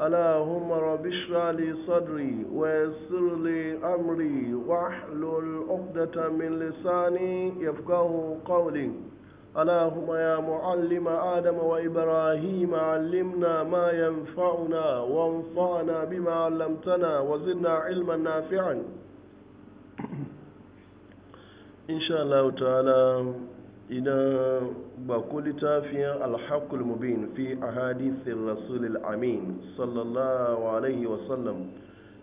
اللهم رب اشرح لي صدري ويسر لي امري واحلل عقدة من لساني يفقهوا قولي اللهم يا معلم ادم وابراهيم علمنا ما ينفعنا وانفعنا بما علمتنا وزدنا علما نافعا ان شاء الله تعالى اذا ku littafin alhakul mubin fi a hadisun rasulil amin sallallahu alaihi wasallam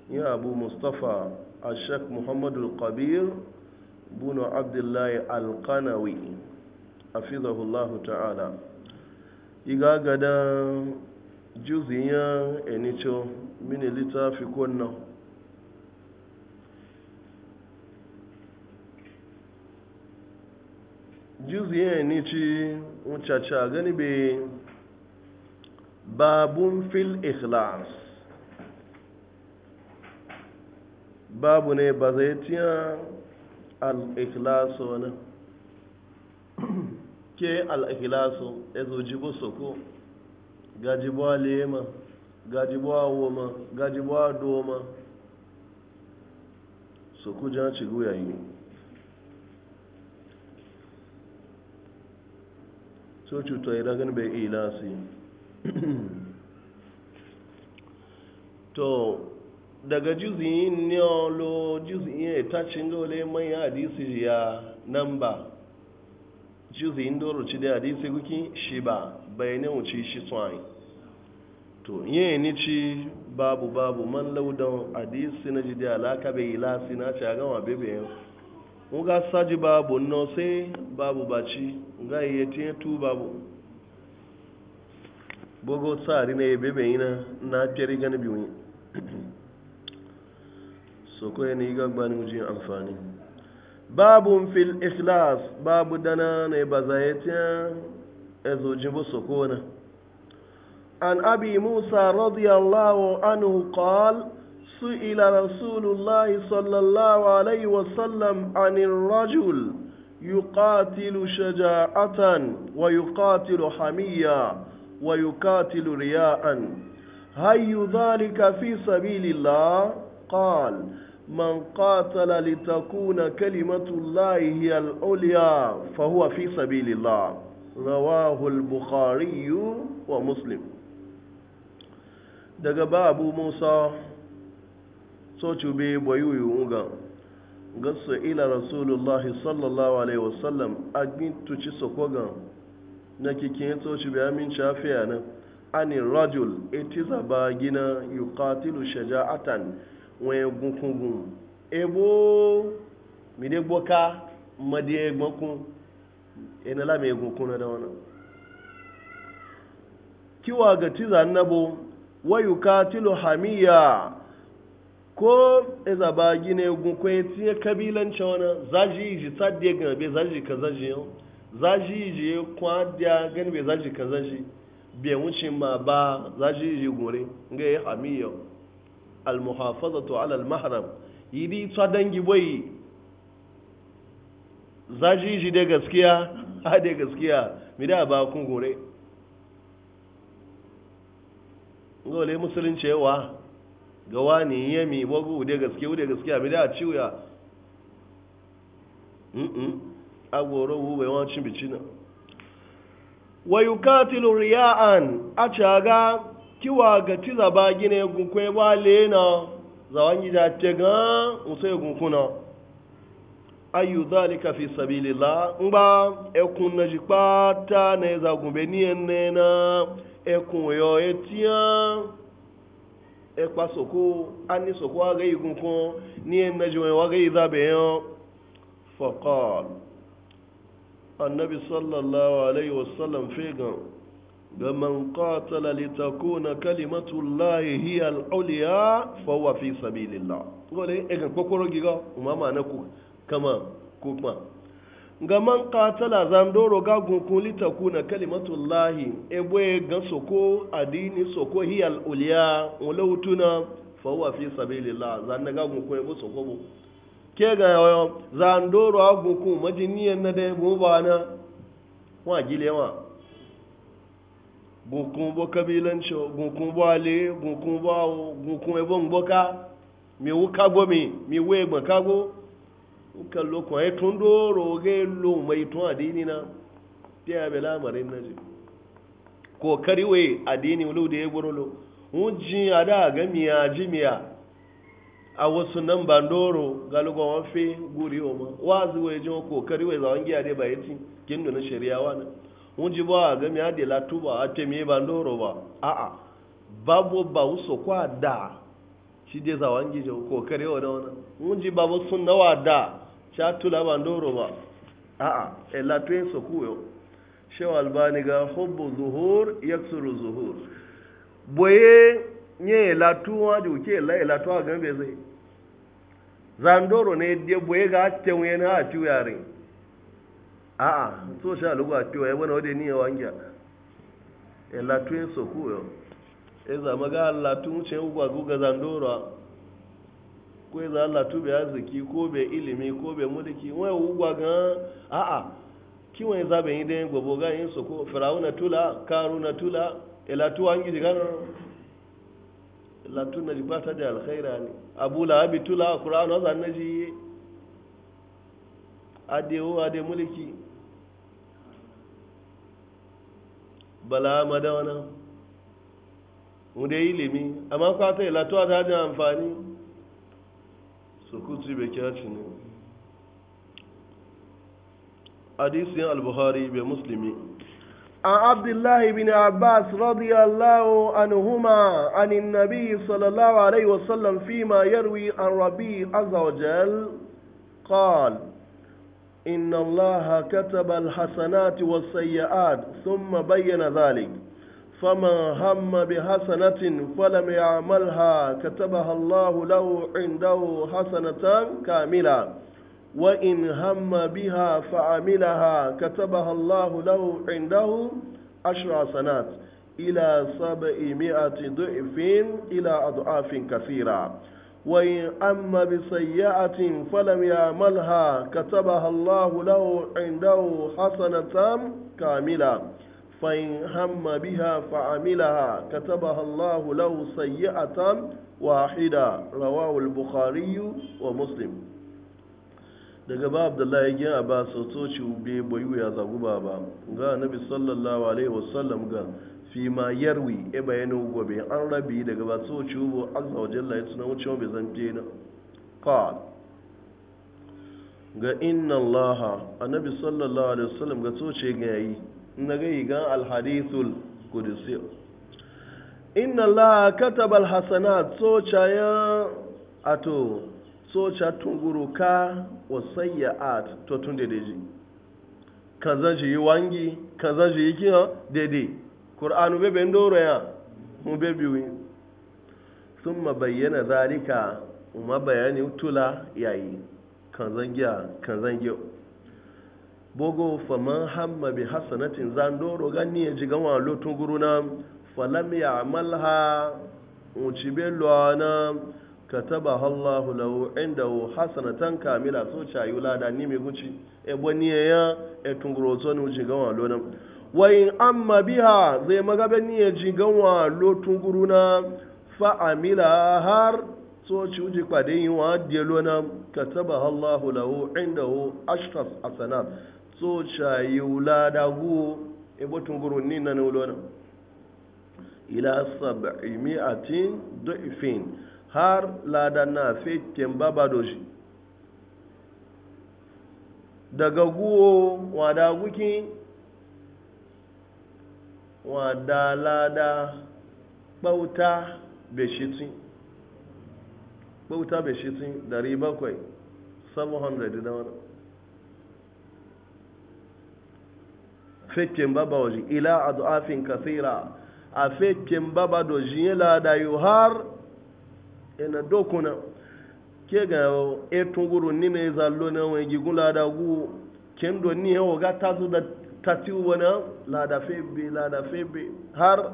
ya abu mustapha a shek muhammadu kabir bunu abdullahi alkanawi a fizahullahu ta'ala igagada juziyan enicho mini littafi kwanan jiziye ni ci mucaca gani be babun fil ikhlas babu ne ba zai tiya al-ikhlasu wani ke al-ikhlasu ya zo jibo soko gajibo lema gajibo woma gajibo doma soko jan ci yi so cuta yi gani bai ila su to daga juziyin neolo juziyin ya tacin gole mai hadisi ya nan ba juziyin doroci da hadisi guki shi ba bai ne wuce shi tsawai to yi ni ci babu babu man laudan hadisi na jide alaka bai ila su na ci a gama bebe yau nga saji babu no sai babu bachi, nga iya tiye tu babu bogo tsari na ebe bai na na fere gani biyu so ko yana iga gagba ni mujin amfani babun fil ikhlas babu dana na ba za ya tiya ezo soko sokona an abi musa radiyallahu anhu qala سئل رسول الله صلى الله عليه وسلم عن الرجل يقاتل شجاعة ويقاتل حمية ويقاتل رياء هي ذلك في سبيل الله قال من قاتل لتكون كلمة الله هي العليا فهو في سبيل الله رواه البخاري ومسلم daga ba موسى soci be bayu yunga ga su ila rasulullah sallallahu alaihi wasallam agin tuci sokoga na kikin soci be amin shafiya na ani rajul itiza ba gina yuqatilu shaja'atan wa yagunkugun ebo mi de gboka madi egbokun na la me gunkun kiwa ga tiza annabo wa yuqatilu hamiya ko za ba gine gun ko tiye kabilanci wani zaji ji diya gina bai zaji ka zaji yau zaji ji kwa diya gani bai zaji ka zaji bai wuce ma ba zaji ji gore ga ya hami yau maharam yi di ta dangi bai zaji ji da gaskiya ha da gaskiya mi da ba kun gore ngole musulunci yawa ga wani mi wagu ude gaske ude gaske abi da ciwya mm agoro wu bai wan cin bicina wa yukatilu riya'an a caga kiwa ga tiza ba ya gunkwe ba lena zawan gida te ga usai gunkuna ayu dhalika fi sabilillah ngba ekun na jipata na za gumbe ni enena ekun yo etian ẹ̀pà soko ani soko waga igun kun ni ẹ̀mẹ́jọ jiwe waga ìdábẹ̀ beyan faqal annabi sallallahu alaihi wasallam fegan ga man qatala litakuna kalimatu llahi hiya al-ulya fa huwa fi sabilillah gole egan kokoro giga umama na ku kama kuma ga man katala zandoro ga gunkun litakuna kalimatullahi egbe ga soko adini soko hiyal uliya wulautuna fawwa fi sabilillah zanna ga gunkun ebo soko bu ke ga yo zandoro a gunkun majiniyan na da bo bana wa gile ma gunkun bo kabilanci gunkun bo ale gunkun bo gunkun ebo mi wuka go mi mi we gbon kago kallo kuma ya tun doro ga lo mai tun adini na fiya bai lamarin na ji ko kariwe adini wulu da ya gurulu ji a da ga miya ji miya a wasu nan bandoro galugon fi guri oma wazi wai ko kariwe za zawon giya ba ya ci kin na shari'a wani ji ba ga miya da ba a ce miye doro ba a'a babu ba wuso kwa da shi dai zawon gijo kokari wani wani ji babu sun nawa da cha tula ba ba a'a ella eh, tuen so kuyo shew albani ga hubbu zuhur yaksuru zuhur boye nye latuwa da uke la latuwa ga be zai zandoro ne de boye ga tenwe na atu yare a'a so sha lugu atu ya wani wade ni wangiya ella eh, tuen so kuyo e za maga Allah tun ce ugwa guga zandoro ko za Allah tube arziki ko bai ilimi ko bai mulki wai ugwa ga a'a kiwon za bai yi dai gobo ga yin su ko firauna tula karu na tula ilatu an gidi gana la na ji da alkhaira ne abu la abi tula qur'an wa zanna ji adewo ade mulki bala madawana mu da ilimi amma kwata ilatu tuwa ta da amfani sukutu bai kya ci ne hadisin عن عبد الله بن عباس رضي الله عنهما عن النبي صلى الله عليه وسلم فيما يروي عن ربي عز وجل قال إن الله كتب الحسنات والسيئات ثم بين ذلك فمن هم بحسنة فلم يعملها كتبها الله له عنده حسنة كاملة وإن هم بها فعملها كتبها الله له عنده عشر حسنات إلى سبعمائة ضعف إلى أضعاف كثيرة وإن أم بسيئة فلم يعملها كتبها الله له عنده حسنة كاملة فإن هم بها فعملها كتبها الله له سيئة واحدة رواه البخاري ومسلم daga ba abdullahi ya gina ba sautoci bai bayu ya zagu ba ba ga nabi sallallahu alaihi wasallam ga fi ma yarwi e bayanu gobe an rabi daga ba sautoci bo azza wa jalla ya tuna wucewa zan zanje na qal ga inna allaha annabi sallallahu alaihi wasallam ga sauce ga yi na gai gan alhadithul kudusi inna Allah kataba alhasanat tsocayen ato tsoca tunguruka wa sayyi'at to tun da daji kan zan shi yi wangi kan zan shi yi kiyan daidai qur'anu bebe ndoro ya mu bebe wi summa bayyana zarika, umma bayani tula yayi kan zan zangiya kan zangiya bogo faman hamma bi hasanatin doro ganni ya jiga wa lotun guru na falam ya amalha ucibe luwana kataba Allahu lahu indahu hasanatan kamila so chayu lada ni me guci e boni ya e tunguro so ni jiga wa lona wa in amma biha zai magabe ni ya ji wa lotun guru na fa amila har so ci uji kwade yin wa de lona kataba Allahu lahu indahu ashras hasanat so cayi wulada guwo ebo tungurun ni na nulona ila sab'i mi'atin du'ifin har lada na fe kemba badoji daga guwo wada guki wada lada bauta beshiti bauta beshiti bakwai 700 da wani fekin baba waje ila a du'afin kasira a fekin baba da jiyela da yi har ina dokuna ke ga etun guru ni ne zallo na wani gigun lada gu kendo ni yawa e ga tasu da tati wani lada febe lada febe har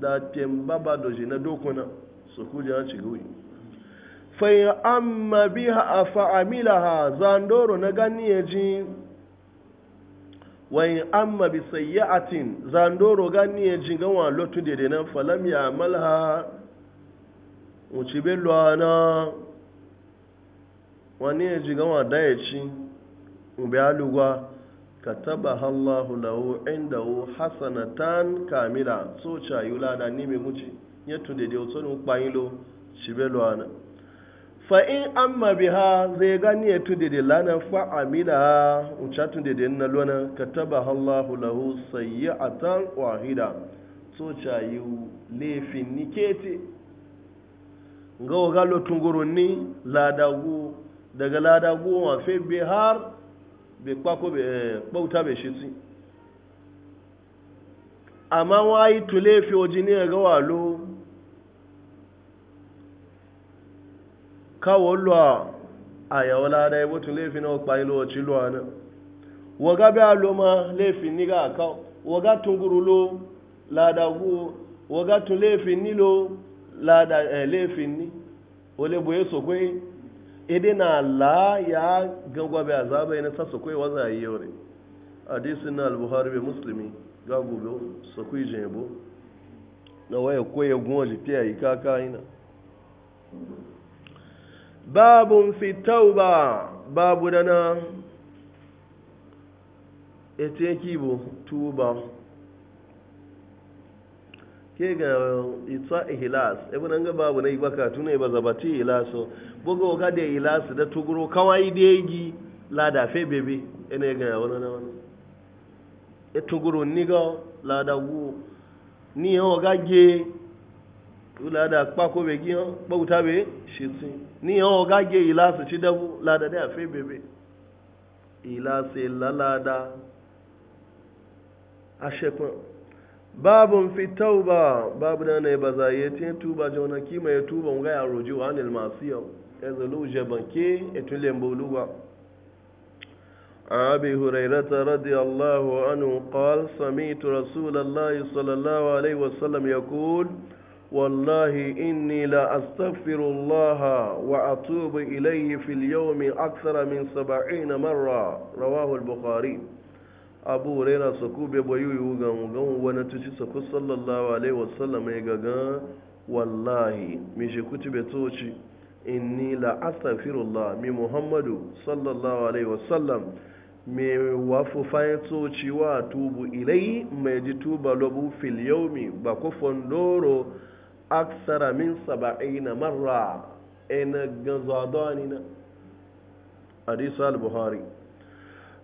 da tem baba da ji na dokuna su kuje a ci gauyi fa amma biha afa amilaha zandoro na gani ya e ji wayin amma bi sayyatin zandoro gani ya jingan wa lotu da nan falam ya malha wuce bello na wani ya jingan wa dayaci ubi alugwa kataba Allahu lahu indahu hasanatan kamila so cha yula da ni me muci yetu de de lo payilo shibelo ana Fa in an biha zai gani ya tudu da lana fa'amila wuce tun da na lona ka taba hallahu lahu sayi a tan wahida so cayi laifin nikete ga wagalo tungurunni ladagu daga ladagu wa fi bi har bi kwako bi eh, bauta bi shitsi amma wayi tulefi ya ga walo kawo lwa a yawala da ya mutu laifin na wakpa ilo wace lwa na waga bi aloma laifin ni ga kawo waga tungurulo ladagu waga tun laifin ni lo lada eh, laifin ni wale boye sokwe ede na la ya gangwa bi azaba na ta sokwe waza yi yore hadisin na al-buhari bi muslimi ga gobe sokwe jebo na waya koye gwaji fiye yi kaka ina babun fi tauba babu na ete kibu tuba ke ga itsa ihlas ibn an ga babu na baka tune ba zabati ilaso bugo ka da ilas da tuguro kawai da yi da fe bebe ene ga wannan wannan e tuguro ni ga da wu ni ho ga ge lada kpako be gi hàn kpọ́kúta be ṣètì níyàn ọ̀gá gé ìlàsì tí dẹ́bù lada dé àfẹ́ bèbè ìlàsì lálada aṣẹ́pọ̀n babu fi tauba babu da na ba za yi tin tuba jona kima ya tuba nga ya roji wa anil masiya ya zalu je banke etun lembo luwa أبي هريرة رضي الله عنه قال سمعت رسول الله صلى الله عليه وسلم يقول والله إني لا أستغفر الله وأتوب إليه في اليوم أكثر من سبعين مرة رواه البخاري أبو هريرة سكوب بيو يوغان وغان ونتشي سكو صلى الله عليه وسلم يغان والله ميجي كتب توشي إني لا أستغفر الله من محمد صلى الله عليه وسلم mai wafu fahimto cewa tubu ilai mai ji tuba lobu fil yaumi ba kufon doro أكثر من سبعين مرة إن gazadani حديث البخاري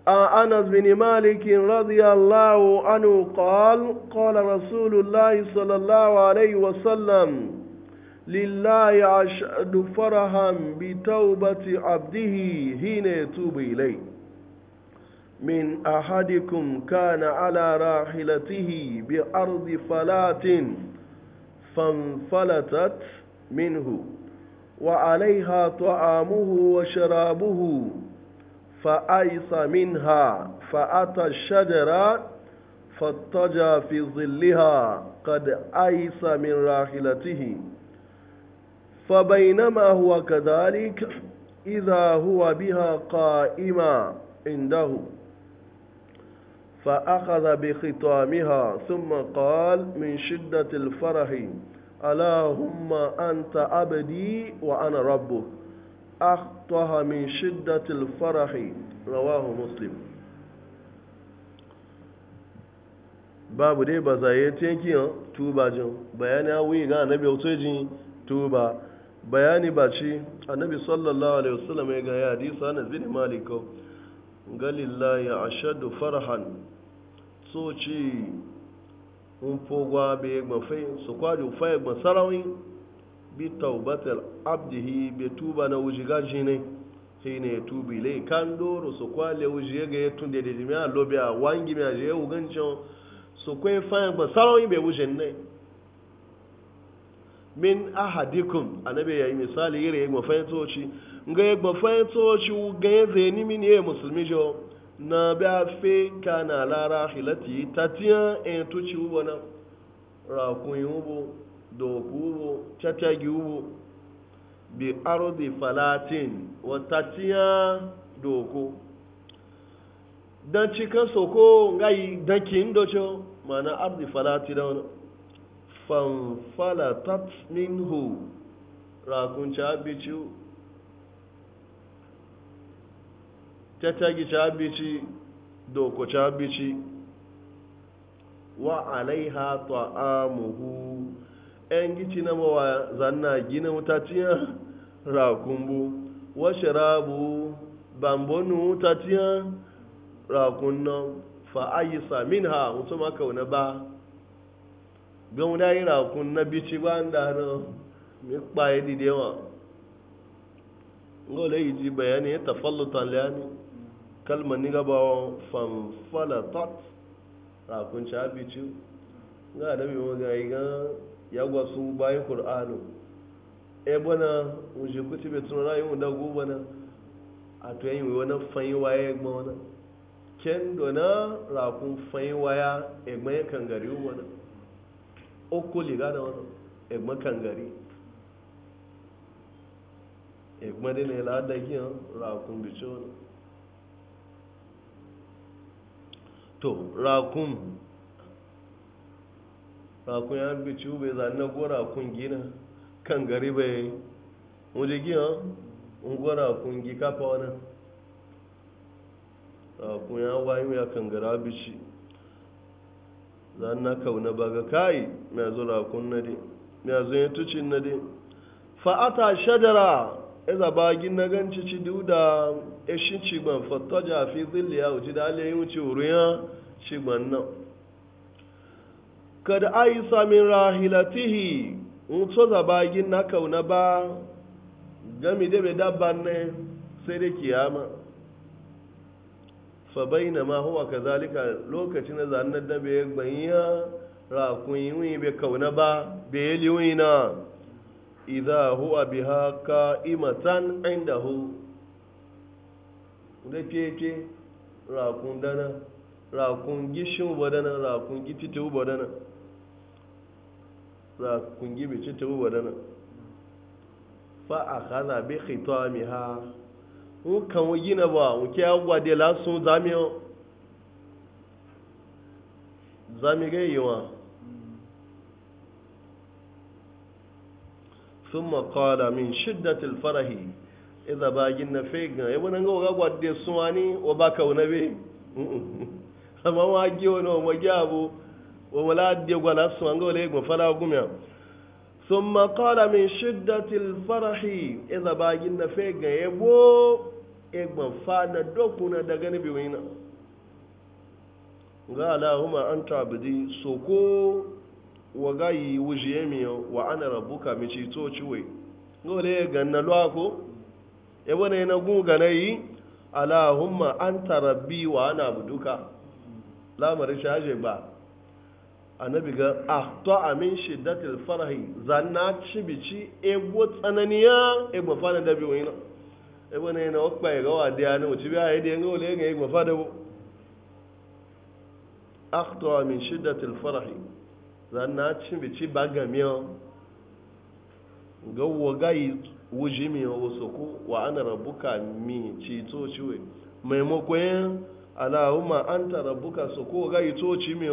al آه، عن أنس بن مالك رضي الله عنه قال قال رسول الله صلى الله عليه وسلم لله أشهد فرحا بتوبة عبده حين يتوب إليه من أحدكم كان على راحلته بأرض فلات فانفلتت منه وعليها طعامه وشرابه فأيس منها فأتى الشجرة فاضطجى في ظلها قد أيس من راحلته فبينما هو كذلك إذا هو بها قائما عنده فأخذ بختامها ثم قال من شدة الفرح اللهم أنت عبدي وأنا ربك أخطأ من شدة الفرح رواه مسلم babu dai ba zaye tenkiyan tuba jin bayani awi ga annabi otoji tuba bayani ba a annabi sallallahu alaihi wasallam ya ga hadisi anas bin malik galillahi ashadu farhan soci unfogwa bai mafai su kwaji ufaya masarawin bi taubatar abdihi bai tuba na wuji gaji ne sai ne tubi su kwale wuji ga ya tun da da jimiya lobe a wangi mai ajiye su kwai faya masarawin bai wuce ne min ahadikum ya yi misali ya na bɛ fe na lara hilati tatiya en tuci ubo na rakun ubo doku ubo tatagi ubo bi ardi falatin wa tatiya doko dan cikin soko ngayi dakin docho mana ardi falati da wani fanfalatat minhu rakun cabici tattagi ci abici doko ci abici wa alaiha ta'amuhu ‘yan gici na mawa zanna gina wutaciyar rakunbu wa shirabu bambonu wutaciyar rakunan fa'ayyisa samin ha mutum maka wani ba gan wuda yi rakun na bici ba da na mikpa yi didewa ga wale yi ji bayani ya tafallutan liyani kalmar ni gabawan fanfalatot rakun ci abici ga da mai magayi ga ya gwasu bayan Kur'anu. e bana wuce kuti bai tun rayu da gobe na a to wa wani fanyi waya gba wani ken na rakun fanyi waya egbe ya kangari wani uku liga da wani egbe kangari egbe dai na yi la'adda giyan rakun bici to rakun rakun ya bi ciwo bai zane go rakun gina kan gari bai wuje gina ungo rakun gi kafa wani rakun ya wayo ya kan gara bici zane kauna ba ga kai mai zo rakun na dai mai zo ya tucin na dai fa'ata shadara iza bagin na ganci ci duda e shi ci ban fatto da alayi wuce wuriya ci ban nan kada aisa min rahilatihi mutu za na kauna ba gami da bai dabba ne sai da kiyama fa bayna ma huwa kazalika lokacin da da bai yi bai ba bai yi na idha huwa biha qa'imatan indahu da ra kun dana kun gishin badana kun gifite badana kun gibe ta badana fa akhadha bi khitamiha un kan wina ba un ke agwa de lasun zamiyo zamiga yiwa ثم قال من شدة الفرح إذا باجن فيقنا يبون أنه غاقوا دي سواني وباكوا ونبي أما ما أجيونا وما جابوا وما لا أدي ولا أسوان قول إيقوا فلا أقوم ثم قال من شدة الفرح إذا باجن فيقنا يبو إيقوا فانا دوكونا دغني بيوينا قال هما أنت عبدي سوكو wa gayi wuje mi wa ana rabuka mi ci to ciwe le ganna lo ko e wona na gun ganayi alahumma anta rabbi wa ana abduka mari shaje ba annabi ga ahta amin shiddatil farahi zanna e go tsananiya E egba fana da bi wani e ne na okpa ga wa de anu ci biya ide ngo le ga egba fada bo ahta amin shiddatil farahi zanna cin bici ba gamiya ga wagayi wuji mi wasu ku wa ana rabuka mi ci to ciwe maimakon alahuma an ta rabuka su ko gayi to ci mi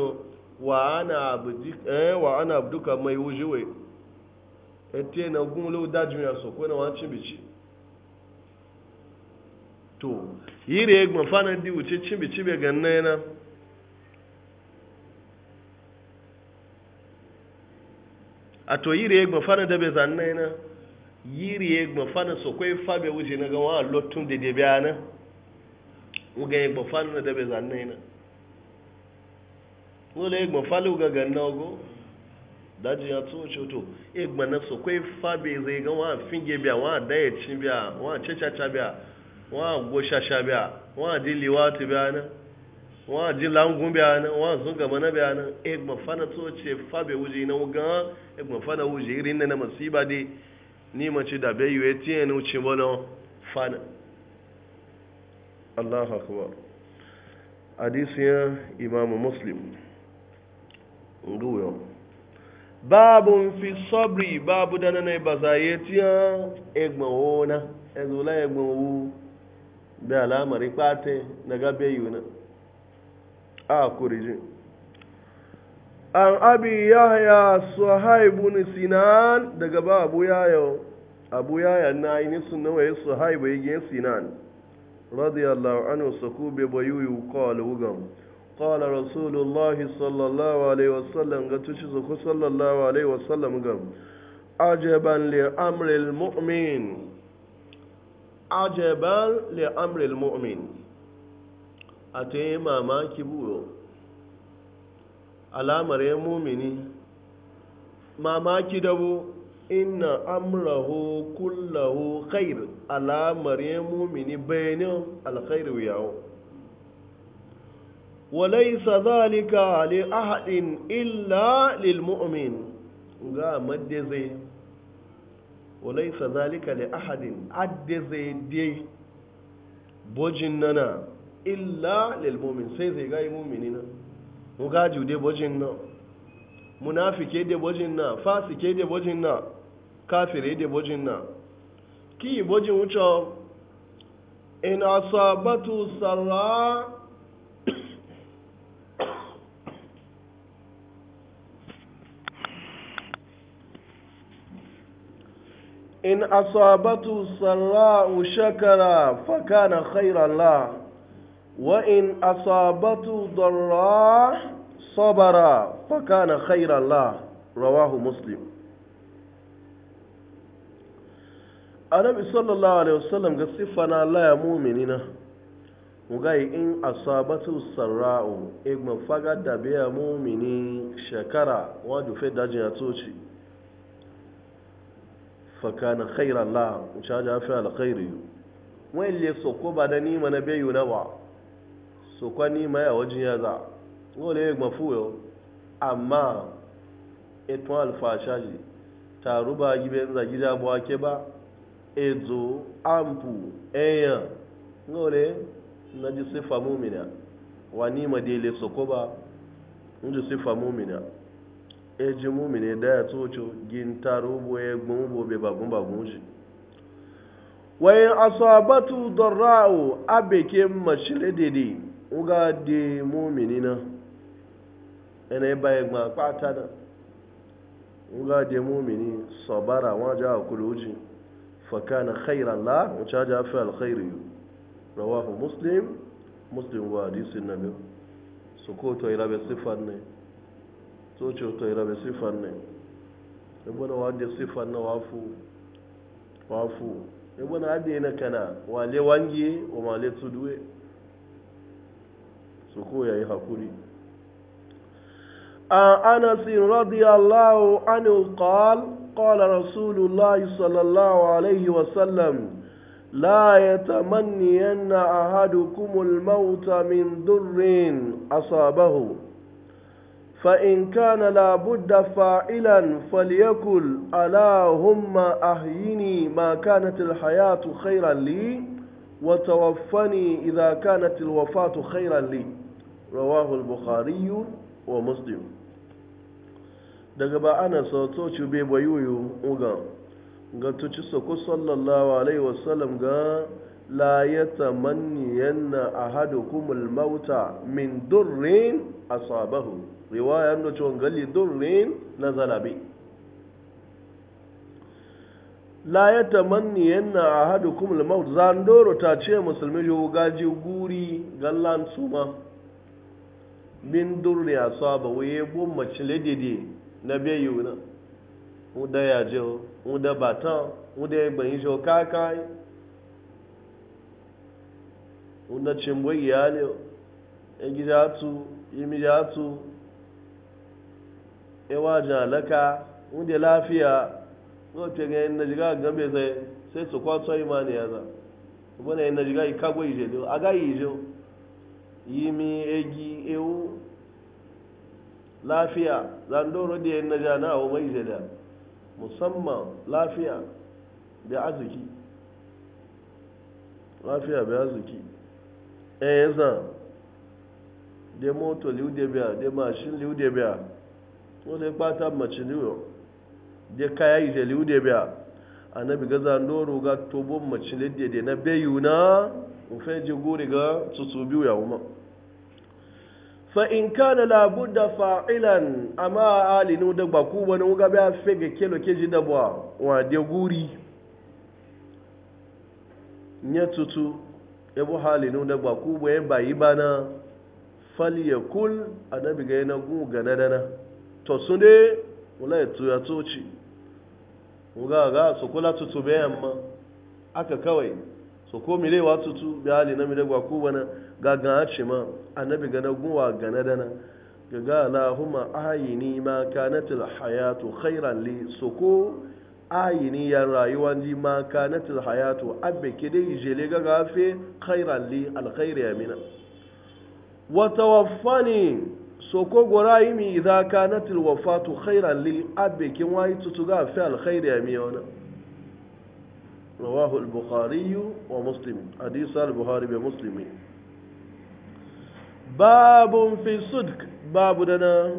wa ana abdika eh wa ana abduka mai wuji we ete na gunlo daju ya na ko na wa cin bici to yire egbon fana di wuce cin bici be ganna yana a to yiri ya gba fana dabe zanna na yiri ya gba fana so kwai fabe wuje na gawa a lotun da dabe ana uga ya gba fana da dabe zanna na wala ya gba fana uga ganna go, daji ya tso ce to ya gba na so kwai fabe zai ga wa finge biya wa daya cin biya wa cece biya wa go sha biya wa diliwa ta biya na wa ji langun biya nan wa sun gaba na biya nan e mafana to ce fa be wuje na wuga e mafana wuje irin na masiba de ni ma ci da bai yuwe tiye ni uci bono fana Allahu akbar hadisiya imamu muslim nguyo babun fi sabri babu dana ne bazaye tiya egbon wona e egbon wu be alamari pate na gabe yuna a an abi yahya suhaib bin sinan daga ba abu yahya abu yayan na yi nisun nawa ya suhaib ya sinan radiyallahu anhu saku be bayuyu qala wugam qala rasulullahi sallallahu alaihi wasallam ga tushi zaku sallallahu alaihi wasallam gam ajaban li amril mu'min ajaban li amril mu'min a ta yi mamaki buro, alamar ya mumini mamaki dabo inna amrahu kullahu khair alamar ya mumini bayanin alkhairu yawo walaisa zalika li ahadin illa lil mu'min ga sa za walaisa zalika li ahadin adde zai dai bojin nana illa lilmumin sai zai gayi mumini na mu gaju dai bajin na munafike de bajin na fasike de bajin na kafire de bajin na ki bajin wuce in asabatu sarra إن أصابته shakara, fa kana khairan la Waɗanne asabar da sabara fakanankhayra la rawar muslim? Alabi sallallahu alaihi wa sallam gasi fana ya muminina. Mu ga yi in asabar sarrawu in mafaka ɗabi'a mumunan shekara wajen fita da tashar cikin fakana naira la ya kusan alheri. Wani leso ko ba da ni ma na biyu nawa? so kwa n'ime ya wajen ya za wale ya gmafu yau amma etun alfasha ji taru ba gibe za gida bu ake ba ezo ampu eya wale na ji sifa mumina wa nima dele soko ba nji sifa mumina eji mumina e da ya tocho gintaru bu egbun bu be bagun bagun ji wayin asabatu darra'u abeke mashile dede uga de mumini na ene baye gba pata na uga de mumini sabara wa ja kuluji fa kana khairan la wa ja ja fa al khairu muslim muslim wa hadisin nabi su ko to ira be sifan ne to ce to sifan ne ibn wa de na wafu wafu ibn adi na kana wale wangi wa male su koya yi hakuri an anas radiyallahu قال qal qala rasulullahi sallallahu alaihi wa sallam لا يتمنين أحدكم الموت من ضر أصابه فإن كان لابد فاعلا فليقل اللهم أحيني ما كانت الحياة خيرا لي وتوفني إذا كانت الوفاة خيرا لي rawahu al-bukhari wa muslim daga ba ana sauto be bayuyu uga ga tuci soko sallallahu alaihi sallam ga la yatamanniyanna ahadukum al-mauta min durrin asabahu riwaya ndo chon ngali durrin nazala bi la yatamanniyanna ahadukum al-maut zandoro ta ce musulmi yo gaji guri gallan suma min durri asaba waye bun mace ledede na bayu yuna mu da yaje mu da batan mu da gbanyi jo kakai mu da cimbo iyali e gida tu imi ja tu e waje alaka mu da lafiya ko te ga na jiga gambe sai sai su kwatsa imani yaza ubana na jiga ikagwe ije do aga ije yi mi egi ewu lafiya zandoro da yin naja na abu mai da musamman lafiya da arziki lafiya da arziki ɗaya zan da moto liu da biya da mashin liu da biya wani kwata mace liu da kaya ije liu da biya annabi ga zandoro ga tobon mace liu da na bayu na ofe je gore ga tsotso biyu ya umar fa'in kana labudda fa'ilan a ma'alinu da baku wani wuga ba fi ga kelo ke ji da e e ba wa da ya tutu yabo halinu da baku ba ya bayi ba na faliyakul a nabi ga yana gun gana dana to su ne wula ya tuya toci wuga ga su kula tutu bayan ma aka kawai so ko mire wa tutu bi ali na mire gwa ku bana ga ga ce ma annabi ga na guwa ga na dana ga ga huma ayini ma kanatil hayatu khairan li so ko ayini ya rayuwa ji ma kanatil hayatu abbe ke dai jele ga gafe khairan li al khair ya mina wa tawaffani so ko gora yi idza kanat wafatu khairan li abbe ke wai tutu ga fe al khair ya mina رواه البخاري ومسلم حديث البخاري ومسلم باب في الصدق باب دنا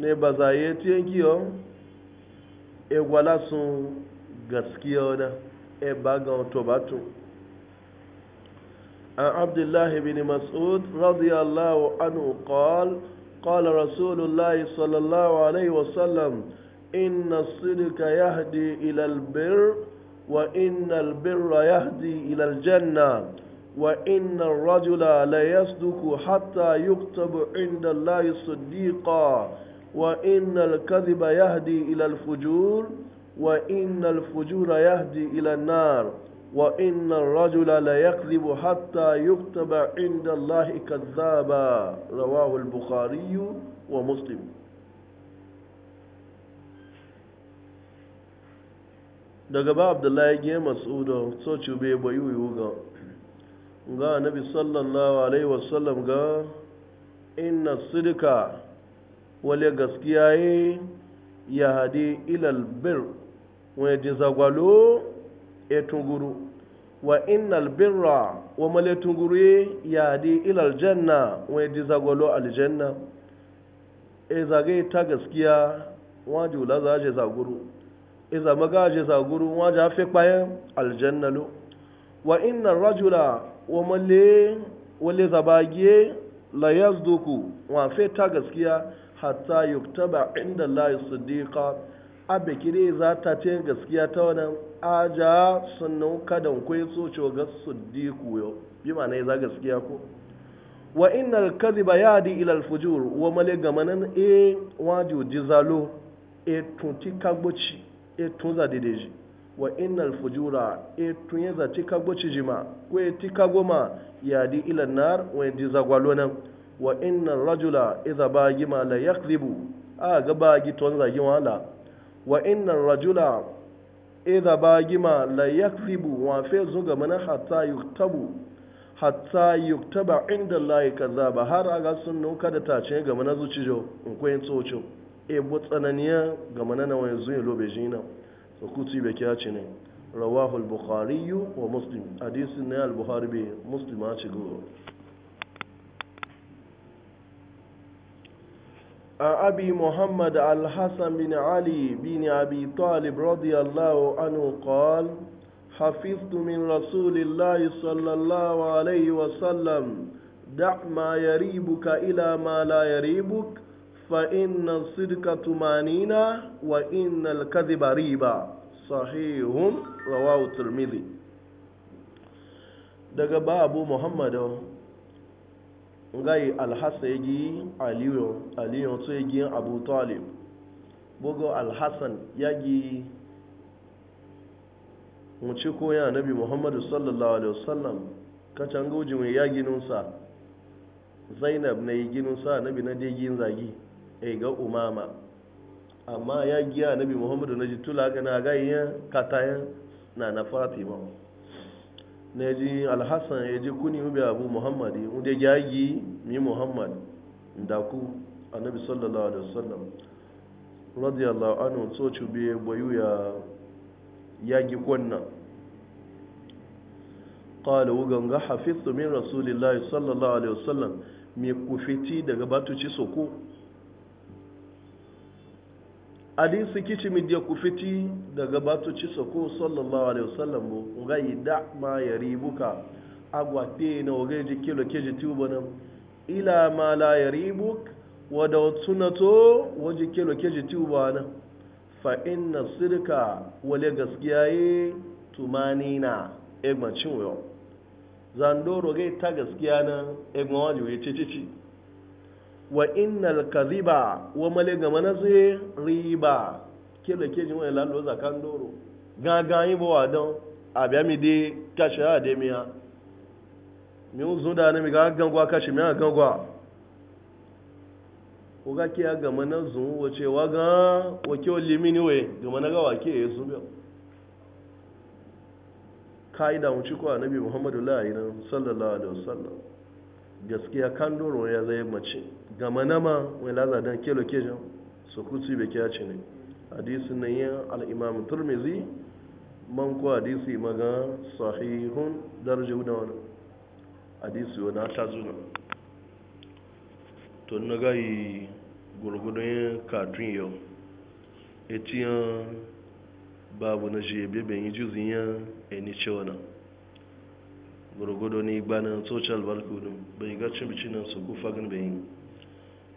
ne ba zaye tiyan kiyo e gwala sun gaskiya na e ba ga to ba to an abdullahi bin mas'ud radiyallahu anhu qala قال رسول الله صلى الله عليه وسلم إن الصدق يهدي إلى البر وإن البر يهدي إلى الجنة وإن الرجل ليصدق حتى يكتب عند الله صديقا وإن الكذب يهدي إلى الفجور وإن الفجور يهدي إلى النار وإن الرجل ليكذب حتى يكتب عند الله كذابا رواه البخاري ومسلم daga ba abdullahi ge mas'udu so cube bayu yuga ga nabi sallallahu alaihi wasallam ga inna sidika wale gaskiya yi ya hadi ilal bir wani jizagwalo e tunguru wa innal albirra wa male tunguru ya hadi ilal janna wani jizagwalo aljanna e zagaye ta gaskiya wajula za je zaguru iza magaje za guru waje hafi kwayan aljannalu. wa inna rajula wa male wale zabagiye la yazduku wa fe ta gaskiya hatta yuktaba inda Allah siddiqa abe kire za ta ce gaskiya ta wannan aja sannan kadan kai so ce ga siddiqu yo bi ma'ana za gaskiya ko wa al kadhiba yadi ila al fujur wa male gamanan e waju jizalo e tunti kagbochi e tun za daidai ji wa innal fujura e tun ya zaci kago cijima ko ya ti kago ma ya di ilan nar wa ya di zagwalo nan wa innal rajula idza bagi ma la yakzibu a ga ba gi ton zagi wala wa innal rajula idza bagi ma la yakzibu wa fe zuga mana hatta yuktabu hatta yuktaba inda Allah kaza ba har aga sunnu kada ta ce ga mana zuci jo in koyin tsocin e eh, tsananiya ga manana wani zuwa lobe jina so kutu ibe kya ci ne rawahul bukhari wa muslim hadisi na al-bukhari bai muslim a ci goro عن أبي محمد الحسن بن bin بن أبي طالب رضي الله عنه قال حفظت من رسول sallallahu alaihi الله عليه وسلم دع ما يريبك إلى ما فإن الصدق تمانينا وإن الكذب ريبا صحيح رواه الترمذي daga ba abu muhammadu um, ngai alhassa ya gi aliyu to ya gi abu talib bugu alhassan ya nabi muhammadu sallallahu alaihi wasallam kacan gujin ya ginunsa zainab na yi ginunsa nabi na je gin zagi e ga umama amma ya giya nabi muhammadu na ji tula gana gayyan iya katayen na na fatima na ji alhassan ya ji kuni ubi abu Muhammadu, wanda ya yi mi muhammad da ku annabi sallallahu alaihi wasallam radiyallahu anhu so cube bayu ya yagi kwanna qala wugan ga hafiztu min rasulillahi sallallahu alaihi wasallam me kufiti daga batuci soko hadisi kici mi da kufiti daga ci sako sallallahu alaihi wasallam bo ga da ma ya ribuka agwa te na oge ji kilo keji tuba nan ila ma la ya ribuk wa da tunato waje kilo keji tuba nan fa inna sirka wale gaskiya yi tumanina egmacin wayo zandoro gai ta gaskiya nan waje jiwe ce cici wa innal kaziba wa malaga manaze riba Kila keji wani lalo zakan doro gaga yi bo wadan abi mi de kashi a de miya mi zo da ne mi ga gangwa kashi mi a gangwa ko ga ke ga manazu wo ce wa ga wa ke o limini we ga managa gawa ke yesu biyo kaida da wuce ko annabi muhammadu la'ayi na? sallallahu alaihi wasallam gaskiya kan doro ya zai mace gamanama nama mai lazadan kelo kejan su kutu bai kya ci ne hadisi na yin al'imamu turmizi man ko hadisi maga sahihun darje da wani hadisi wani ta zuna to na gayi gurgudun kadrin yau etiyan babu na shi bebe yi juzin ya eni cewa na gurgudu ni gbanin social barkudu bai gacin bicinan su kufa gan bayin